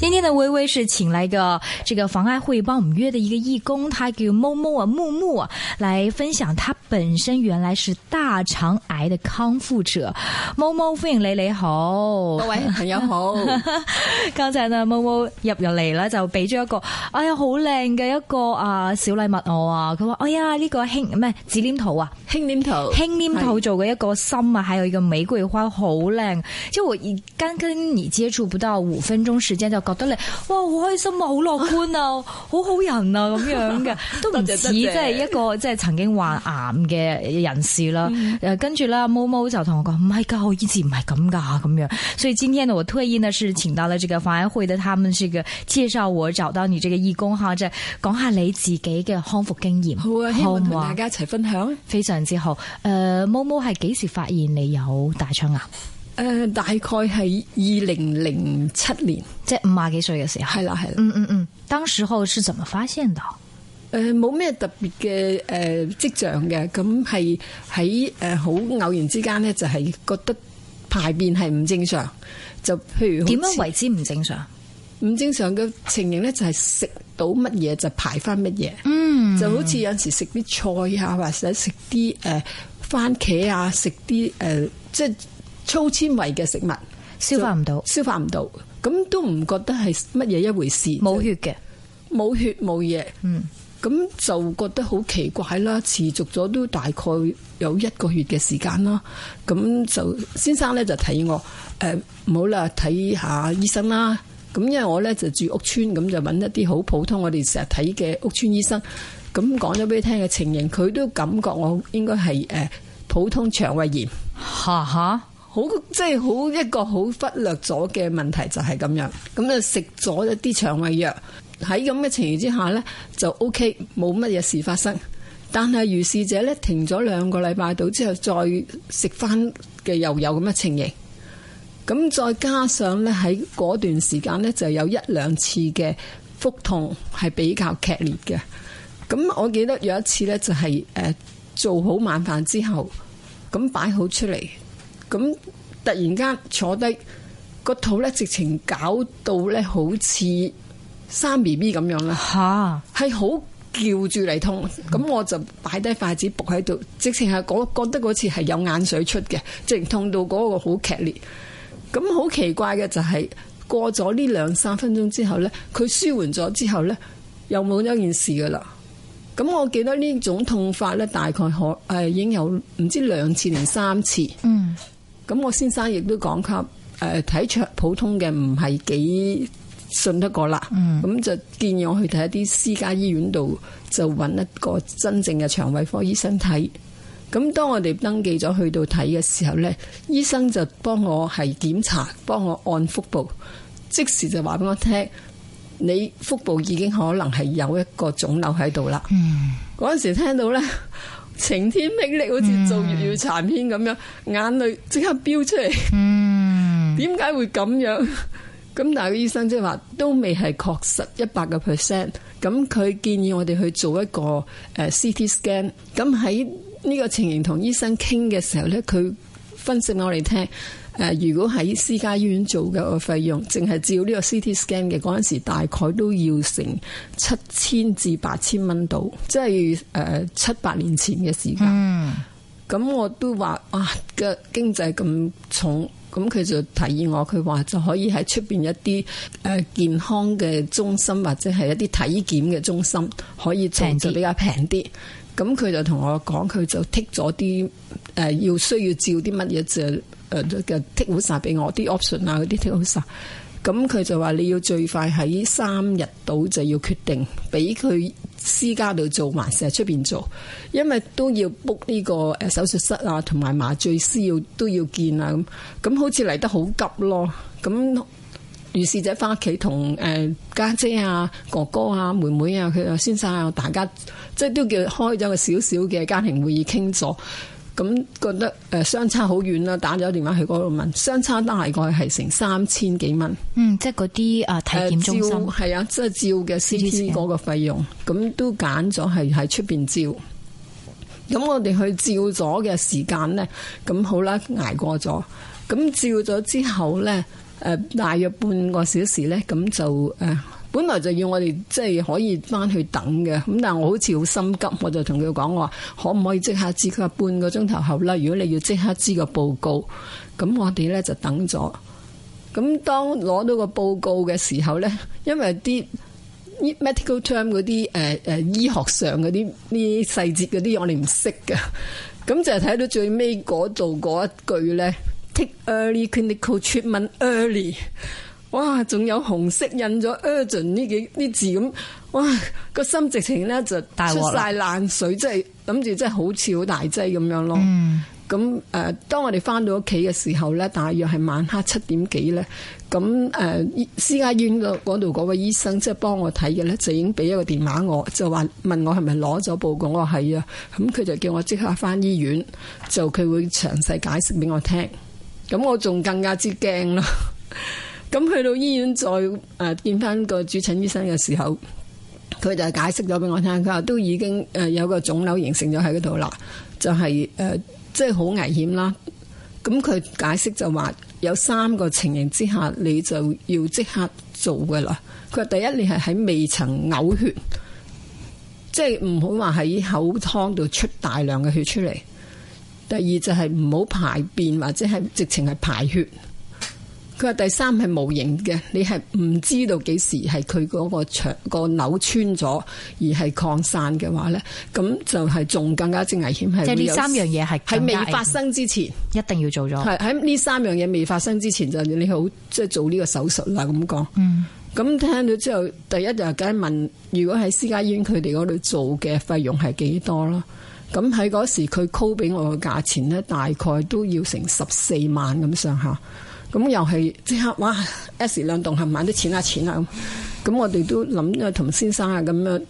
今天的微微是請來一個這個防癌會幫我們約的一個義工，他叫 m 某某啊木木啊，來分享他本身原來是大腸癌的康復者。momo 歡迎你，你好，各位朋友好。剛 才呢，momo 入入嚟啦就俾咗一個，哎呀，好靚嘅一個啊小禮物我啊，佢話、啊，哎呀，呢、這個輕咩紫捻頭啊，輕捻頭，輕捻頭做嘅一個心啊，是還有一個玫瑰花，好靚。就我剛跟你接觸不到五分鐘時間就。覺得你哇好開心啊，好樂觀啊， 好好人啊咁樣嘅，都唔似即係一個即係曾經患癌嘅人士啦。誒， 嗯、跟住啦，慕慕就同我講：唔係噶，我以前唔係咁噶咁樣。所以今天呢，我特意呢是請到了這個防癌會的他們是一個介紹我找到你這個義工，哈，即係講下你自己嘅康復經驗，好啊，希望同大家一齊分享，非常之好。誒、呃，慕慕係幾時發現你有大腸癌？誒，大概係二零零七年，即係五廿幾歲嘅時候，係啦係啦。嗯嗯嗯，當時候是怎麼發現的？誒、呃，冇咩特別嘅誒迹象嘅，咁係喺誒好偶然之間呢，就係、是、覺得排便係唔正常，就譬如點樣為之唔正常？唔正常嘅情形呢，就係、是、食到乜嘢就排翻乜嘢，嗯，嗯，就好似有時食啲菜啊，或者食啲誒番茄啊，食啲誒即係。粗纖維嘅食物消化唔到，消化唔到，咁都唔覺得係乜嘢一回事，冇血嘅，冇血冇嘢，嗯，咁就覺得好奇怪啦。持續咗都大概有一個月嘅時間啦，咁就先生咧就提我誒，唔好啦，睇下醫生啦。咁因為我咧就住屋村，咁就揾一啲好普通，我哋成日睇嘅屋村醫生咁講咗俾你聽嘅情形，佢都感覺我應該係誒普通腸胃炎，哈哈。好即係好一個好忽略咗嘅問題就係咁樣，咁就食咗一啲腸胃藥。喺咁嘅情形之下呢，就 OK，冇乜嘢事發生。但係如是者呢，停咗兩個禮拜到之後，再食翻嘅又有咁嘅情形。咁再加上呢，喺嗰段時間呢，就有一兩次嘅腹痛係比較劇烈嘅。咁我記得有一次呢，就係誒做好晚飯之後，咁擺好出嚟。咁突然間坐低，個肚咧，直情搞到咧好似生 B B 咁樣啦，係好叫住嚟痛，咁、嗯、我就擺低筷子伏喺度，直情係覺得嗰次係有眼水出嘅，直痛到嗰個好劇烈。咁好奇怪嘅就係、是、過咗呢兩三分鐘之後呢，佢舒緩咗之後呢，又冇咗件事噶啦。咁我記得呢種痛法呢，大概可誒、哎、已經有唔知兩次定三次。嗯。咁我先生亦都講給誒睇腸普通嘅唔係幾信得過啦，咁、嗯、就建議我去睇一啲私家醫院度就揾一個真正嘅腸胃科醫生睇。咁當我哋登記咗去到睇嘅時候呢，醫生就幫我係檢查，幫我按腹部，即時就話俾我聽，你腹部已經可能係有一個腫瘤喺度啦。嗰陣、嗯、時聽到呢。晴天霹靂，好似做《月要殘篇》咁樣，嗯、眼淚即刻飆出嚟。點解、嗯、會咁樣？咁但係個醫生即係話都未係確實一百個 percent。咁佢建議我哋去做一個誒 CT scan。咁喺呢個情形同醫生傾嘅時候咧，佢分析我哋聽。誒、呃，如果喺私家醫院做嘅個費用，淨係照呢個 CT scan 嘅嗰陣時，大概都要成七千至八千蚊到，即係誒七八年前嘅時間。咁、嗯、我都話，哇，個經濟咁重，咁佢就提議我，佢話就可以喺出邊一啲誒、呃、健康嘅中心，或者係一啲體檢嘅中心，可以做就比較平啲。咁佢宜就同我講，佢就剔咗啲誒要需要照啲乜嘢就。誒嘅剔好晒俾我啲 option 啊，嗰啲剔好晒咁佢就話你要最快喺三日度就要決定，俾佢私家度做，埋成日出邊做？因為都要 book 呢個誒手術室啊，同埋麻醉師要都要見啊咁。咁好似嚟得好急咯。咁如是就翻屋企同誒家姐啊、哥哥啊、妹妹啊、佢啊先生啊，大家即係都叫開咗個小小嘅家庭會議傾咗。咁覺得誒相差好遠啦，打咗電話去嗰度問，相差大概係成三千幾蚊。嗯，即係嗰啲誒體檢中心係啊，即係照嘅 CT 嗰個費用，咁都揀咗係喺出邊照。咁我哋去照咗嘅時間呢，咁好啦，捱過咗。咁照咗之後呢，誒大約半個小時呢，咁就誒。呃本來就要我哋即係可以翻去等嘅，咁但係我好似好心急，我就同佢講話可唔可以即刻知？佢話半個鐘頭後啦。如果你要即刻知個報告，咁我哋呢就等咗。咁當攞到個報告嘅時候呢，因為啲 medical term 嗰啲誒誒醫學上嗰啲呢細節嗰啲我哋唔識㗎。咁就係睇到最尾嗰度嗰一句呢：「take early clinical treatment early。哇！仲有紅色印咗 urgent 呢幾呢字咁，哇個心直情咧就出晒爛水，即係諗住真係好似好大劑咁樣咯。咁誒、嗯，當我哋翻到屋企嘅時候咧，大約係晚黑七點幾咧。咁誒私家醫院嗰度嗰位醫生即係、就是、幫我睇嘅咧，就已經俾一個電話我就話問我係咪攞咗報告，我話係啊。咁佢就叫我即刻翻醫院，就佢會詳細解釋俾我聽。咁我仲更加之驚咯。咁去到醫院再誒、呃、見翻個主診醫生嘅時候，佢就解釋咗俾我聽，佢話都已經誒有個腫瘤形成咗喺嗰度啦，就係誒即係好危險啦。咁佢解釋就話有三個情形之下你就要即刻做嘅啦。佢話第一你係喺未曾嘔血，即係唔好話喺口腔度出大量嘅血出嚟。第二就係唔好排便或者係直情係排血。佢、那個、話：第三係無形嘅，你係唔知道幾時係佢嗰個腸個扭穿咗，而係擴散嘅話咧，咁就係仲更加之危險。即係呢三樣嘢係喺未發生之前，一定要做咗。係喺呢三樣嘢未發生之前，就你好即係做呢個手術啦。咁講，咁、嗯、聽到之後，第一就梗係問，如果喺私家醫院佢哋嗰度做嘅費用係幾多啦？咁喺嗰時佢 call 俾我嘅價錢咧，大概都要成十四萬咁上下。咁又係即刻哇！一時兩棟係買啲錢啊錢啊咁，咁我哋都諗啊同先生啊咁樣，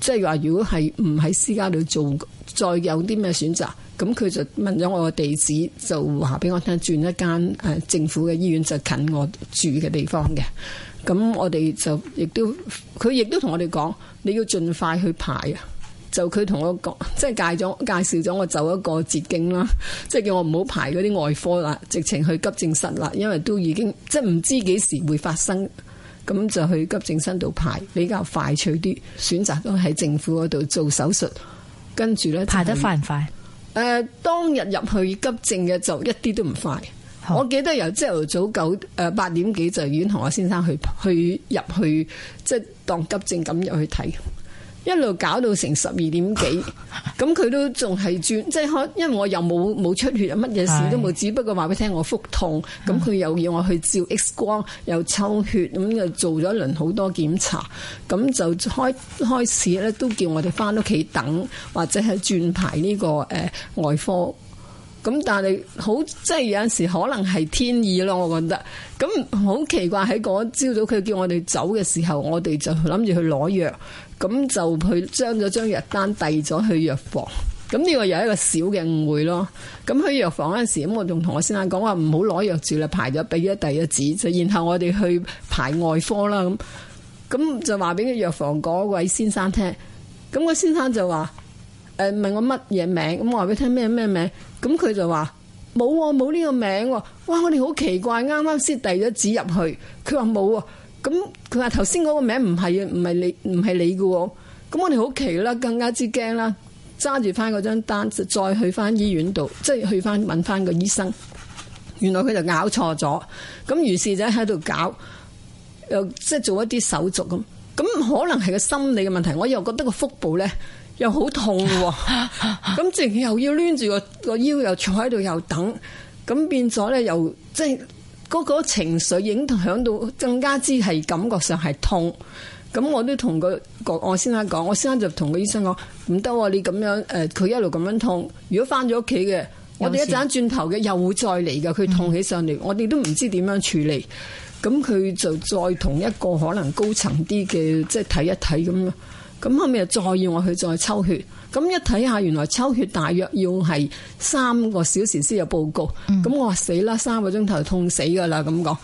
即係話如果係唔喺私家度做，再有啲咩選擇？咁佢就問咗我個地址，就話俾我聽轉一間誒政府嘅醫院，就近我住嘅地方嘅。咁我哋就亦都，佢亦都同我哋講，你要盡快去排啊！就佢同我講，即係介咗介紹咗我走一個捷徑啦，即係叫我唔好排嗰啲外科啦，直情去急症室啦，因為都已經即係唔知幾時會發生，咁就去急症室度排比較快脆啲，選擇都喺政府嗰度做手術，跟住呢，排得快唔快？誒、呃，當日入去急症嘅就一啲都唔快，好我記得由朝頭早九誒八點幾就已經同我先生去去入去，即係當急症咁入去睇。一路搞到成十二點幾，咁佢 都仲係轉，即係開，因為我又冇冇出血，乜嘢事都冇，唉只不過話俾你聽我腹痛，咁佢、嗯、又要我去照 X 光，又抽血，咁又做咗一輪好多檢查，咁就開開始咧，都叫我哋翻屋企等，或者係轉排呢、這個誒、呃、外科。咁但係好即係有陣時可能係天意咯，我覺得咁好奇怪喺嗰朝早佢叫我哋走嘅時候，我哋就諗住去攞藥。咁就去將咗張藥單遞咗去藥房，咁呢個又係一個小嘅誤會咯。咁去藥房嗰陣時，咁我仲同我先生講話唔好攞藥住啦，排咗俾咗遞咗紙，就然後我哋去排外科啦。咁咁就話俾藥房嗰位先生聽，咁個先生就話：，誒問我乜嘢名？咁我話俾佢聽咩咩名？咁佢就話：冇冇呢個名。哇！我哋好奇怪，啱啱先遞咗紙入去，佢話冇啊！咁佢話頭先嗰個名唔係啊，唔係你唔係你嘅喎，咁我哋好奇啦，更加之驚啦，揸住翻嗰張單再去翻醫院度，即係去翻問翻個醫生。原來佢就拗錯咗，咁於是就喺度搞，又即係做一啲手續咁，咁可能係個心理嘅問題。我又覺得個腹部咧又好痛喎，咁自然又要攣住個個腰又坐喺度又等，咁變咗咧又即係。嗰個情緒影響到更加之係感覺上係痛，咁我都同、個我先生講，我先生就同個醫生講唔得喎，你咁樣佢、呃、一路咁樣痛，如果翻咗屋企嘅，事我哋一陣轉頭嘅又會再嚟㗎。佢痛起上嚟，嗯、我哋都唔知點樣處理，咁佢就再同一個可能高層啲嘅即係睇一睇咁咯，咁後尾又再要我去再抽血。咁一睇下，原來抽血大約要係三個小時先有報告。咁我話死啦，三個鐘頭痛死噶啦，咁講，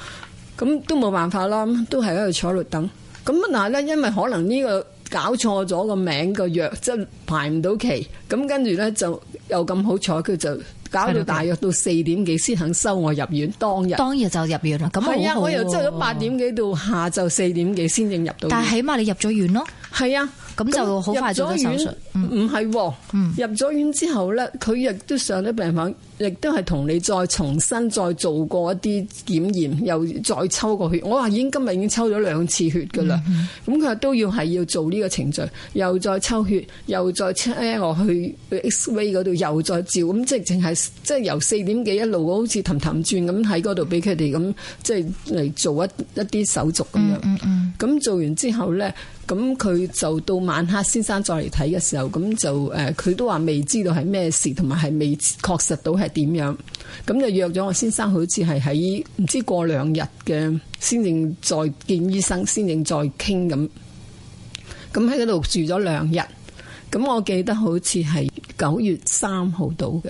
咁都冇辦法啦，都係喺度坐度等。咁但係咧，因為可能呢個搞錯咗個名個藥，即係排唔到期。咁跟住咧就又咁好彩，佢就搞到大約到四點幾先肯收我入院。當日當日就入院啦，咁係啊，我又追到八點幾到下晝四點幾先正入到。但係起碼你入咗院咯。.係啊，咁就好快就做咗手術。唔係院，入咗院之後咧，佢亦都上咗病房，亦都係同你再重新再做過一啲檢驗，又再抽過血。我話已經今日已經抽咗兩次血噶啦，咁佢話、嗯嗯、都要係要做呢個程序，又再抽血，又再 check 我去 X-ray 嗰度，又再照。咁即係淨係即係由四點幾一路好似氹氹轉咁喺嗰度俾佢哋咁，即係嚟做一一啲手續咁、嗯嗯嗯、樣。咁做完之後咧。咁佢就到晚黑，先生再嚟睇嘅時候，咁就誒，佢都話未知道係咩事，同埋係未確實到係點樣。咁就約咗我先生，好似係喺唔知過兩日嘅，先正再見醫生，先正再傾咁。咁喺度住咗兩日，咁我記得好似係九月三號到嘅。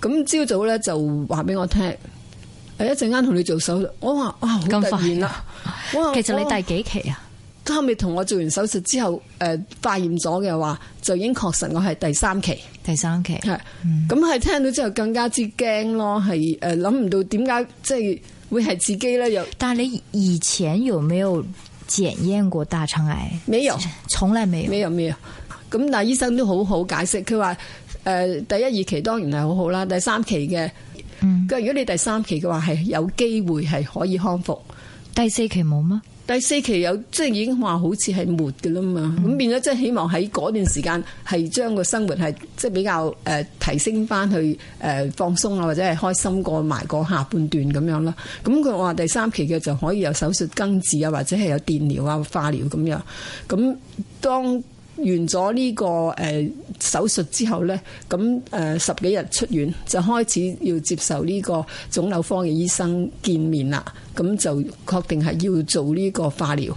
咁朝早咧就話俾我聽，誒一陣間同你做手術，我話哇咁啦啊！哇哇哇其實你第幾期啊？後尾同我做完手術之後，誒、呃，化驗咗嘅話，就已經確實我係第三期。第三期係，咁係是、嗯、聽到之後更加之驚咯，係誒諗唔到點解即係會係自己咧又。但係你以前有沒有檢驗過大腸癌？沒有，從來沒有，沒有。沒有，沒有。咁但係醫生都好好解釋，佢話誒第一二期當然係好好啦，第三期嘅，佢話、嗯、如果你第三期嘅話係有機會係可以康復。第四期冇嗎？第四期有，即係已經話好似係末嘅啦嘛，咁、mm hmm。變咗即係希望喺嗰段時間係將個生活係即係比較誒、呃、提升翻去誒、呃、放鬆啊，或者係開心過埋個下半段咁樣咯。咁佢話第三期嘅就可以有手術根治啊，或者係有電療啊、化療咁樣。咁當完咗呢個手術之後呢，咁十幾日出院，就開始要接受呢個腫瘤科嘅醫生見面啦。咁就確定係要做呢個化療。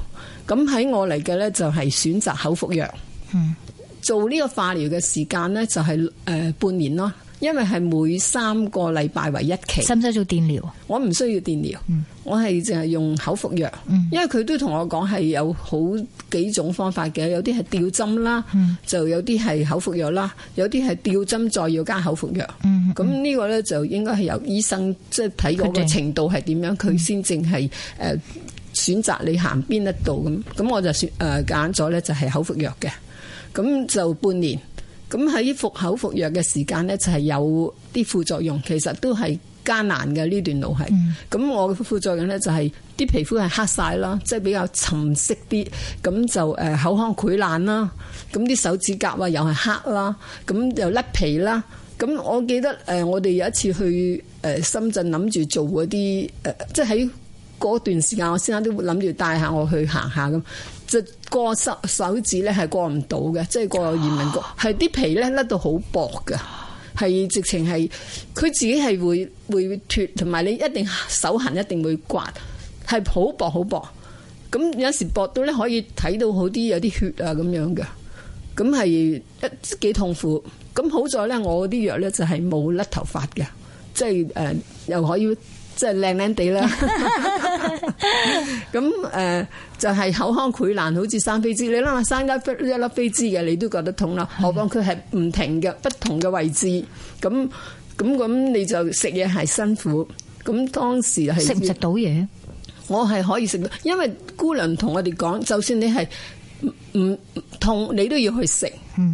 咁喺我嚟嘅呢，就係選擇口服藥。嗯，做呢個化療嘅時間呢，就係半年咯。因為係每三個禮拜為一期，使唔使做電療？我唔需要電療，嗯、我係淨係用口服藥。嗯、因為佢都同我講係有好幾種方法嘅，有啲係吊針啦，嗯、就有啲係口服藥啦，有啲係吊針再要加口服藥。咁呢、嗯嗯、個呢，就應該係由醫生即係睇嗰個程度係點樣，佢先正係誒選擇你行邊一度咁。咁我就選誒揀咗呢，呃、就係口服藥嘅，咁就半年。咁喺服口服藥嘅時間呢，就係、是、有啲副作用，其實都係艱難嘅呢段路係。咁、嗯、我副作用呢，就係、是、啲皮膚係黑晒啦，即係比較沉色啲。咁就誒口腔潰爛啦，咁啲手指甲啊又係黑啦，咁又甩皮啦。咁我記得誒，我哋有一次去誒深圳諗住做嗰啲誒，即係喺嗰段時間，我先生都諗住帶下我去行下咁。就過手手指，咧係過唔到嘅，即係過移民局，係啲皮咧甩到好薄嘅，係直情係佢自己係會會脫，同埋你一定手痕一定會刮，係好薄好薄。咁有時薄到咧可以睇到好啲有啲血啊咁樣嘅，咁係一幾痛苦。咁好在咧，我啲藥咧就係冇甩頭髮嘅，即係誒又可以。就靚靚地啦，咁誒就係口腔潰爛，好似生飛滋。你諗下，生一粒一粒飛滋嘅，你都覺得痛啦。是的何況佢係唔停嘅，不同嘅位置，咁咁咁你就食嘢係辛苦。咁當時係食唔食到嘢？我係可以食到，因為姑娘同我哋講，就算你係。唔痛，你都要去食。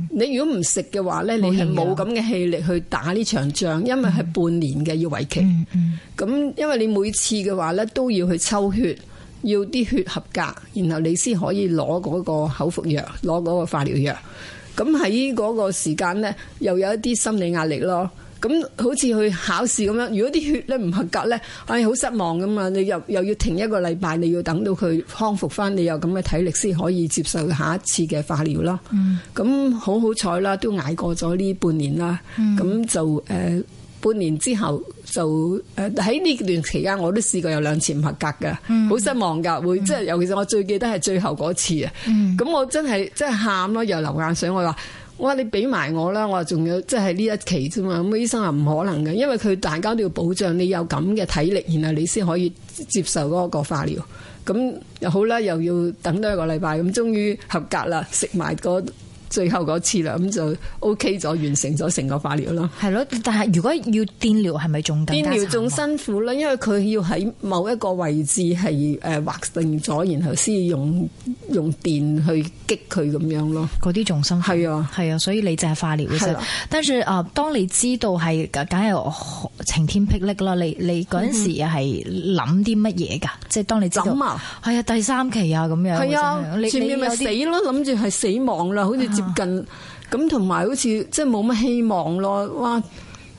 你如果唔食嘅話呢、嗯、你係冇咁嘅氣力去打呢場仗，嗯、因為係半年嘅要為期。咁、嗯嗯、因為你每次嘅話呢都要去抽血，要啲血合格，然後你先可以攞嗰個口服藥，攞嗰個化療藥。咁喺嗰個時間呢，又有一啲心理壓力咯。咁好似去考試咁樣，如果啲血咧唔合格咧，唉、哎，好失望咁嘛！你又又要停一個禮拜，你要等到佢康復翻，你又咁嘅體力先可以接受下一次嘅化療啦。咁好好彩啦，都捱過咗呢半年啦。咁、嗯、就誒、呃、半年之後就喺呢、呃、段期間，我都試過有兩次唔合格㗎。好、嗯、失望噶，會即係、嗯、尤其是我最記得係最後嗰次啊。咁、嗯、我真係真係喊咯，又流眼水，我話。我話你俾埋我啦，我話仲有即係呢一期啫嘛，咁醫生話唔可能嘅，因為佢大家都要保障你有咁嘅體力，然後你先可以接受嗰個化療，咁又好啦，又要等多一個禮拜，咁終於合格啦，食埋嗰個。最後嗰次啦，咁就 OK 咗，完成咗成個化療咯。係咯，但係如果要電療係咪仲？是是電療仲辛苦啦，因為佢要喺某一個位置係誒、呃、劃定咗，然後先用用電去激佢咁樣咯。嗰啲仲辛苦係啊，係啊的，所以你就係化療嘅啫。是的但係啊、呃，當你知道係梗係晴天霹靂啦，你你嗰陣時又係諗啲乜嘢㗎？嗯、即係當你知道，係啊、哎，第三期啊咁樣。係啊的，前面咪死咯，諗住係死亡啦，好似。接近咁，同埋好似即係冇乜希望咯，哇！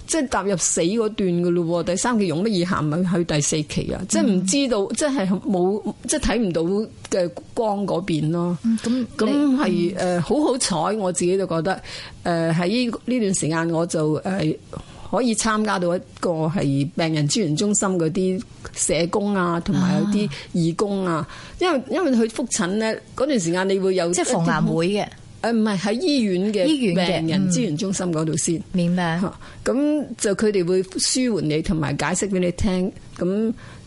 即係踏入死嗰段噶咯，第三期容乜易行去第四期啊？即係唔知道，嗯、即係冇，即係睇唔到嘅光嗰邊咯。咁咁係誒，好好彩，我自己就覺得誒喺呢段時間，我就誒、呃、可以參加到一個係病人資源中心嗰啲社工啊，同埋有啲義工啊。啊，因為因為去復診咧嗰段時間，你會有即係防癌會嘅。誒，唔係喺醫院嘅病人資源中心嗰度先、嗯，明白。咁、啊、就佢哋會舒緩你，同埋解釋俾你聽。咁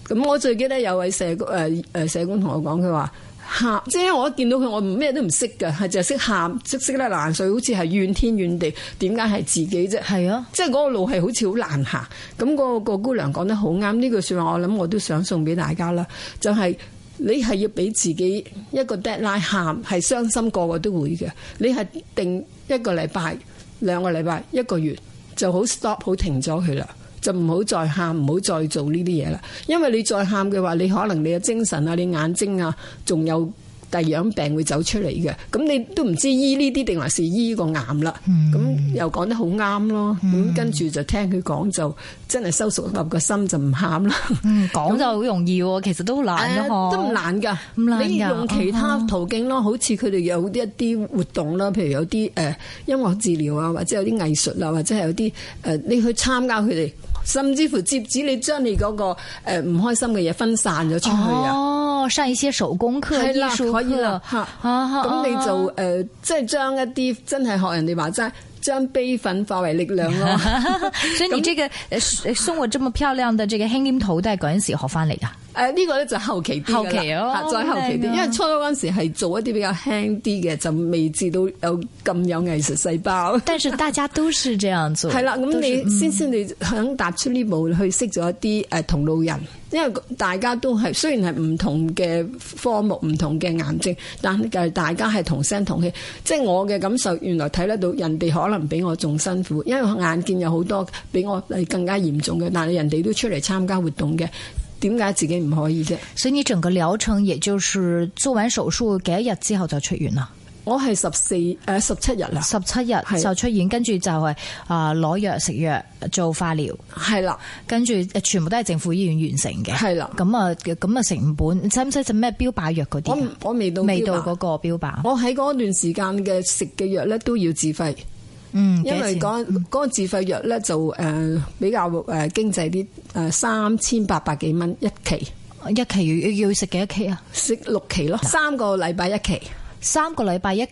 咁，那我最記得有位社工誒誒、呃，社工同我講，佢話喊，即係、就是、我一見到佢，我咩都唔識噶，係就識喊，即係咧爛碎，所以好似係怨天怨地，點解係自己啫？係啊，即係嗰個路係好似好難行。咁、那、嗰個、那個姑娘講得好啱，呢句說話我諗我都想送俾大家啦，就係、是。你係要俾自己一個 deadline 喊，係傷心個個都會嘅。你係定一個禮拜、兩個禮拜、一個月就好 stop 好停咗佢啦，就唔好再喊，唔好再做呢啲嘢啦。因為你再喊嘅話，你可能你嘅精神啊、你眼睛啊，仲有。但係第二樣病會走出嚟嘅，咁你都唔知醫呢啲定還是醫個癌啦。咁又講得好啱咯。咁跟住就聽佢講，就真係收熟立個心，就唔喊啦。講就好容易，其實都難啊，都唔難噶。唔難噶，你用其他途徑咯，好似佢哋有啲一啲活動啦，譬如有啲誒音樂治療啊，或者有啲藝術啊，或者係有啲誒你去參加佢哋，甚至乎甚至你將你嗰個誒唔開心嘅嘢分散咗出去啊。上一些手工課、藝術課吓，咁你就誒，即係將一啲真係學人哋話齋，將悲憤化為力量咯。所以你這個誒， 送我這麼漂亮的這個輕音頭帶都係嗰陣時學翻嚟噶。誒，呢、呃這個咧就後期啲期、哦、再後期啲，的因為初嗰陣時係做一啲比較輕啲嘅，就未至到有咁有藝術細胞。但是大家都是這樣做，係啦。咁你先先，你肯踏出呢步去識咗一啲誒、呃、同路人，因為大家都係雖然係唔同嘅科目、唔同嘅癌症，但係、呃、大家係同聲同氣。即、就、係、是、我嘅感受，原來睇得到人哋可能比我仲辛苦，因為眼見有好多比我更加嚴重嘅，但係人哋都出嚟參加活動嘅。點解自己唔可以啫？所以你整個療程，也就是做完手術幾日之後就出院啦？我係十四誒十七日啦，十七日就出院，跟住就係啊攞藥食藥做化療，係啦的，跟住全部都係政府醫院完成嘅，係啦的。咁啊，咁啊，成本使唔使就咩標靶藥嗰啲？我我未到未到嗰個標靶。我喺嗰段時間嘅食嘅藥咧都要自費。嗯，因為嗰嗰個自費藥咧就誒比較誒經濟啲，誒三千八百幾蚊一期，一期要要食幾多期啊？食六期咯，三個禮拜一期，三個禮拜一期。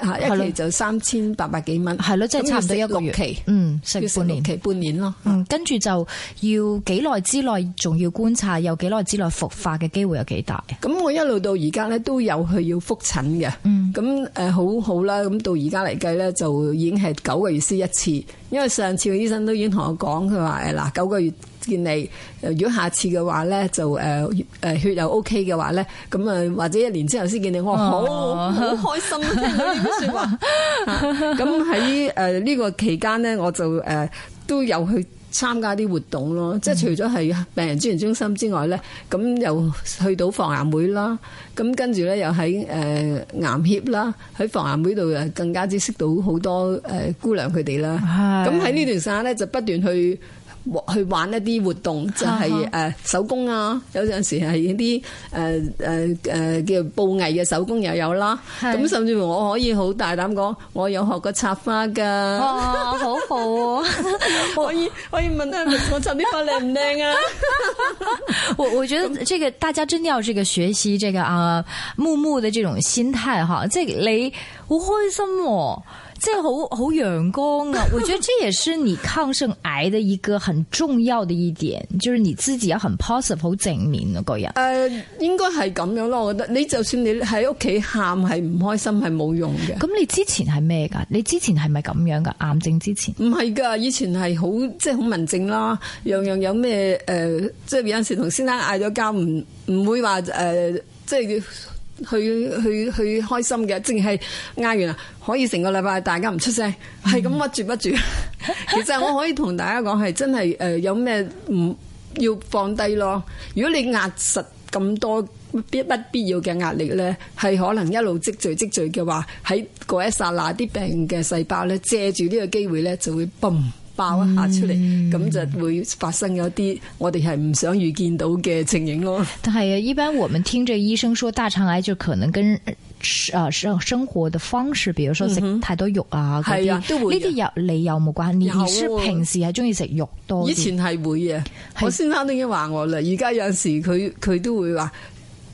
啊，一期就三千八百幾蚊，係咯，即係差唔多一個月期，嗯，成半年期半年咯，嗯，跟住就要幾耐之內，仲要觀察有幾耐之內復發嘅機會有幾大？咁我一路到而家咧都有去要複診嘅，嗯，咁誒、呃、好好啦，咁到而家嚟計咧就已經係九個月先一次，因為上次個醫生都已經同我講，佢話誒嗱九個月。見你，如果下次嘅話咧，就誒誒、呃、血又 OK 嘅話咧，咁啊或者一年之後先見你，哦、我好好開心啊！咁喺誒呢個期間呢，我就誒、呃、都有去參加啲活動咯，即係除咗係病人資源中心之外咧，咁、嗯、又去到防癌會啦，咁跟住咧又喺誒、呃、癌協啦，喺防癌會度誒更加之識到好多誒姑娘佢哋啦，咁喺呢段時間咧就不斷去。去玩一啲活動，就係誒手工啊，哦、有陣時係啲誒誒誒叫布藝嘅手工又有啦。咁是甚至乎我可以好大膽講，我有學過插花噶。哇、哦，好好、哦 可，可以可以問下我插啲花靚唔靚啊？ 我我覺得這個大家真要這個學習這個啊木木的這種心態哈，即係你好開心、哦。真係好好陽光啊！ 我覺得這也是你抗勝癌的一個很重要的一點，就是你自己要很 positive 正面一、啊、個人。誒、呃，應該係咁樣咯，我覺得你就算你喺屋企喊，係唔開心係冇用嘅。咁你之前係咩噶？你之前係咪咁樣噶？癌症之前？唔係噶，以前係好即係好文靜啦，樣樣有咩誒，即、呃、係、就是、有陣時同先生嗌咗交，唔唔會話誒，即、呃、係。就是去去去開心嘅，淨係嗌完啦，可以成個禮拜大家唔出聲，係咁屈住屈住。其實我可以同大家講，係真係誒，有咩唔要放低咯。如果你壓實咁多不不必要嘅壓力呢，係可能一路積聚積聚嘅話，喺嗰一剎那啲病嘅細胞呢，借住呢個機會呢，就會崩。爆一下出嚟，咁、嗯、就會發生有啲我哋係唔想預見到嘅情形咯。嗯、 但係一般我們聽着醫生說，大腸癌就可能跟啊生生活的方式，比如說食太多肉啊，係、嗯、哼些啊，呢啲、啊、有你有冇關？你、啊、你是平時係中意食肉多？以前係會嘅，是我先生都已經話我啦，而家有時佢佢都會話。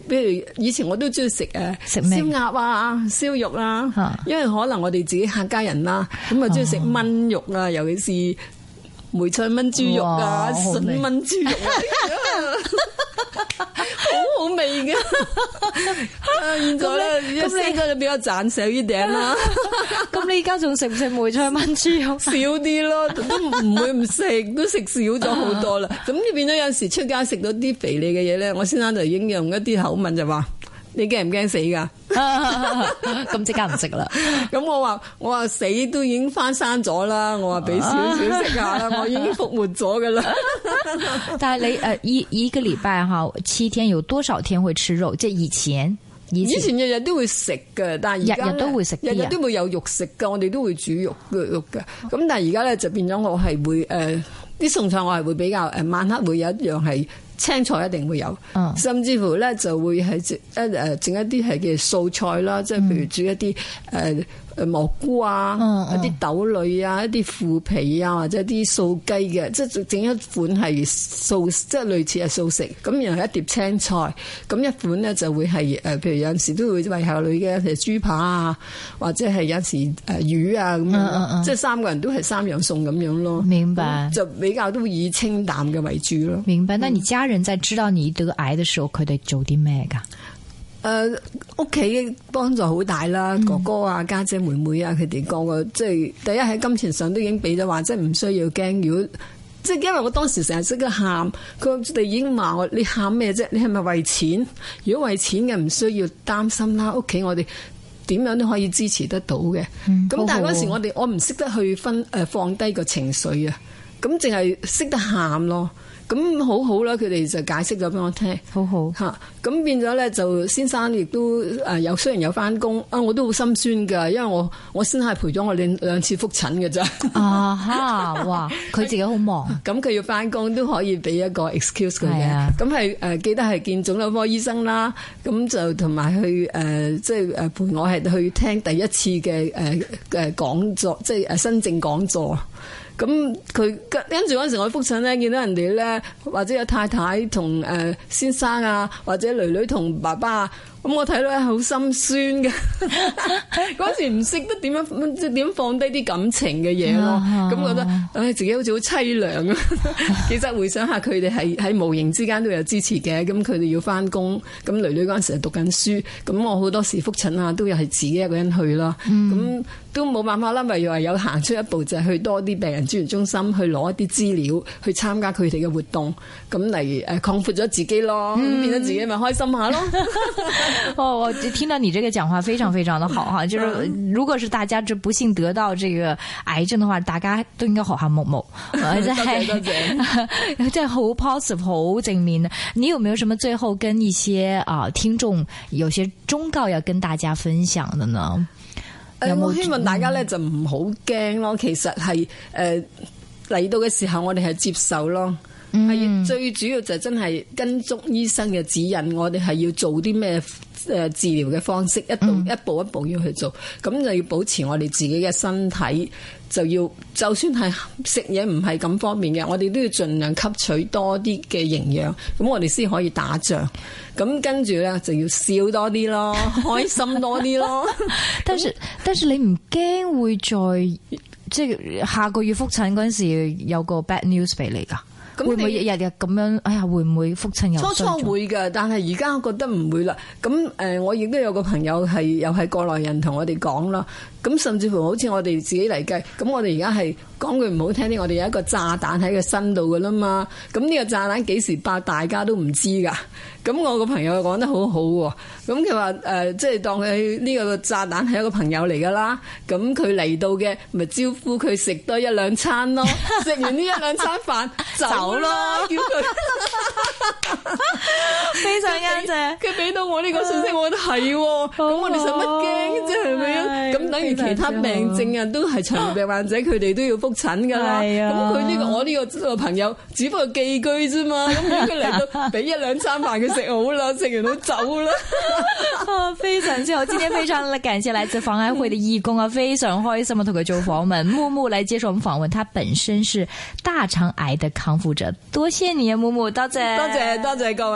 比如以前我都中意食咩燒鴨啊、燒肉啊，啊因為可能我哋自己客家人啦、啊，咁啊中意食炆肉啊，尤其是梅菜炆豬肉啊、筍炆豬肉啊。 好好味噶，咁 你咁 你咁就比較賺少一點啦。咁你依家仲食唔食梅菜炆豬肉？少啲咯，都唔會唔食，都食少咗好多啦。咁你變咗有時出街食到啲肥膩嘅嘢咧，我先生就引用一啲口吻就話。你驚唔驚死噶？咁即刻唔食啦！咁 我話我話死都已經翻生咗啦！我話俾少少食下啦， 我已經復活咗噶啦！ 但係你誒，一一個禮拜吓七天有多少天會吃肉？即係以前，以前日日都會食噶，但係日日都會食，日日都會有肉食噶，我哋都會煮肉肉嘅。咁但係而家咧就變咗，呃、我係會誒啲餸菜我係會比較誒、呃、晚黑會有一樣係。青菜一定會有，嗯、甚至乎咧就會係、啊、一誒整一啲係嘅素菜啦，即係譬如煮一啲誒誒蘑菇啊，嗯嗯、一啲豆類啊，一啲腐皮啊，或者一啲素雞嘅，即係整一款係素，即係類似係素食。咁然後一碟青菜，咁一款咧就會係誒、呃、譬如有陣時都會喂下女嘅，譬如豬扒啊，或者係有陣時誒魚啊咁樣，嗯嗯、即係三個人都係三樣餸咁樣咯。明白，就比較都以清淡嘅為主咯。明白，那你人在知道你得矮嘅時候，佢哋做啲咩噶？誒、呃，屋企幫助好大啦，嗯、哥哥啊、家姐、姐、妹妹啊，佢哋個個即係第一喺金錢上都已經俾咗話，即係唔需要驚。如果即係因為我當時成日識得喊，佢哋已經話我：你喊咩啫？你係咪為錢？如果為錢嘅，唔需要擔心啦。屋企我哋點樣都可以支持得到嘅。咁、嗯、但係嗰時我哋、哦、我唔識得去分誒、呃，放低個情緒啊，咁淨係識得喊咯。咁好好啦，佢哋就解釋咗俾我聽，好好嚇。咁變咗咧，就先生亦都誒有雖然有翻工，啊我都好心酸㗎，因為我我先係陪咗我兩兩次覆診㗎。咋啊哈哇！佢 自己好忙，咁佢要翻工都可以俾一個 excuse 佢嘅、啊。咁係誒記得係見腫瘤科醫生啦，咁、啊、就同埋去誒即係陪我係去聽第一次嘅誒誒講座，即係誒新政講座。咁佢跟住嗰陣時，我去複診咧，見到人哋咧，或者有太太同誒先生啊，或者女女同爸爸啊。咁我睇到係好心酸㗎。嗰 時唔識得點樣即點放低啲感情嘅嘢咯，咁、啊、覺得唉自己好似好淒涼啊！ 其實回想下，佢哋係喺無形之間都有支持嘅。咁佢哋要翻工，咁女女嗰陣時係讀緊書，咁我好多時複診啊，都又係自己一個人去咯。咁、嗯、都冇辦法啦，咪又話，有行出一步就係去多啲病人資源中心去攞一啲資料，去參加佢哋嘅活動，咁例如誒擴闊咗自己咯，變咗自己咪開心下咯。嗯 哦， oh, 我就聽到你這個講話非常非常的好哈，就是如果是大家這不幸得到這個癌症的話，大家都應該好好慕慕，啊，多謝多謝，真係好正面。你有沒有什麼最後跟一些啊聽眾有些忠告要跟大家分享的呢？誒、哎，我希望大家呢就唔好驚咯，其實係誒嚟到嘅時候我哋係接受咯。係、嗯、最主要就真係跟足醫生嘅指引，我哋係要做啲咩誒治療嘅方式，一到一步一步要去做，咁、嗯、就要保持我哋自己嘅身體，就要就算係食嘢唔係咁方便嘅，我哋都要盡量吸取多啲嘅營養，咁我哋先可以打仗。咁跟住咧就要笑多啲咯， 開心多啲咯。 但係 但係你唔驚會再即係、就是、下個月復診嗰陣時候有個 bad news 俾你噶？會唔會日日咁樣？哎呀，會唔會復清又？初初會嘅，但係而家我覺得唔會啦。咁誒、呃，我亦都有個朋友係又係過來人同我哋講啦。咁甚至乎好似我哋自己嚟計，咁我哋而家係講句唔好聽啲，我哋有一個炸彈喺個身度噶啦嘛。咁呢個炸彈幾時爆，大家都唔知噶。咁我個朋友講得好好，啊，咁佢話誒，即、呃、係、就是、當佢呢個炸彈係一個朋友嚟噶啦。咁佢嚟到嘅咪招呼佢食多一兩餐咯，食 完呢一兩餐飯 走咯，叫佢。非常啱姐，佢俾到我呢個信息，呃、我覺得係、哦。咁 我哋使乜驚啫？係咪啊？咁等於。其他病症啊都係長病患者，佢哋都要復診噶啦。咁佢呢個我呢個知道嘅朋友，只不過寄居啫嘛。咁佢嚟到俾一兩餐飯佢食好啦，食完都走啦、 啊。非常之好，今天非常感謝來自防癌會嘅義工啊，非常開心啊，同佢做訪問。 木木嚟接受我們訪問，他本身是大腸癌的康復者，多謝你啊，木木。多謝 多謝多謝各位。